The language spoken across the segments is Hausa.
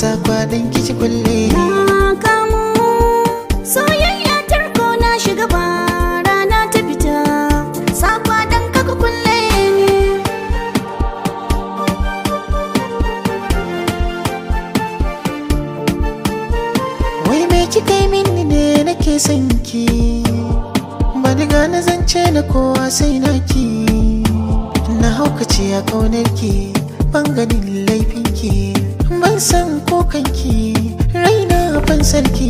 sa kwaɗin kici kulle na kamu soyayya tarko na shiga ba rana ta fita sa kwaɗin kaka kulle ne wai me kika yi mini ne nake son ki ba diga na zance na kowa sai na ki na haukace a ƙaunar ki ban ganin laifinki ban san ko kanki raina ban sarki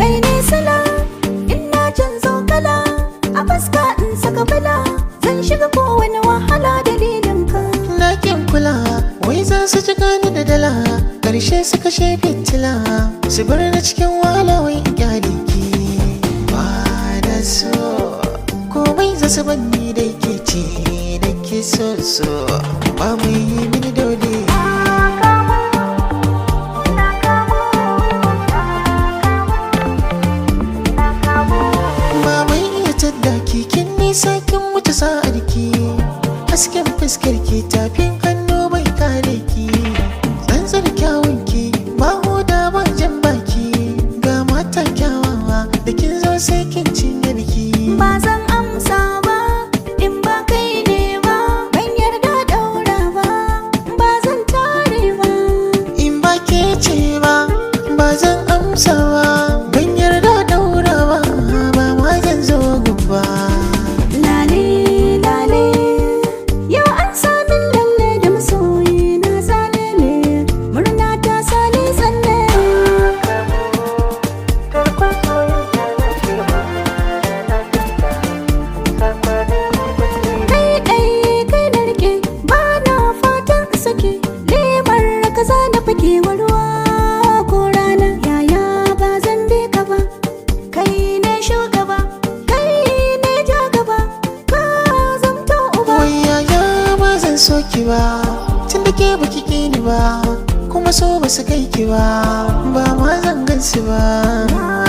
kai ne sala ina canzo kala a fuska in saka bala zan shiga kowane wahala dalilin ka na kin kula wai za su ci gani da dala karshe su kashe fitila su bar na cikin wahala wai ki ba da so komai za su ni da ke ce da ke so so ba mu yi mini dole fuskar tafin hannu bai kare ki tsantsar kyawun ki ba hoda ba jan baki ga mata kyawawa da kin zo sai kin cinye biki ba zan amsa ba in ba kai ne ba ban yarda daura ba ba zan tare ba in ba ke ce ba ba zan amsa ba so ki ba tun da ke ba ki ni ba kuma so ba su kai ki ba ba ma zan gan su ba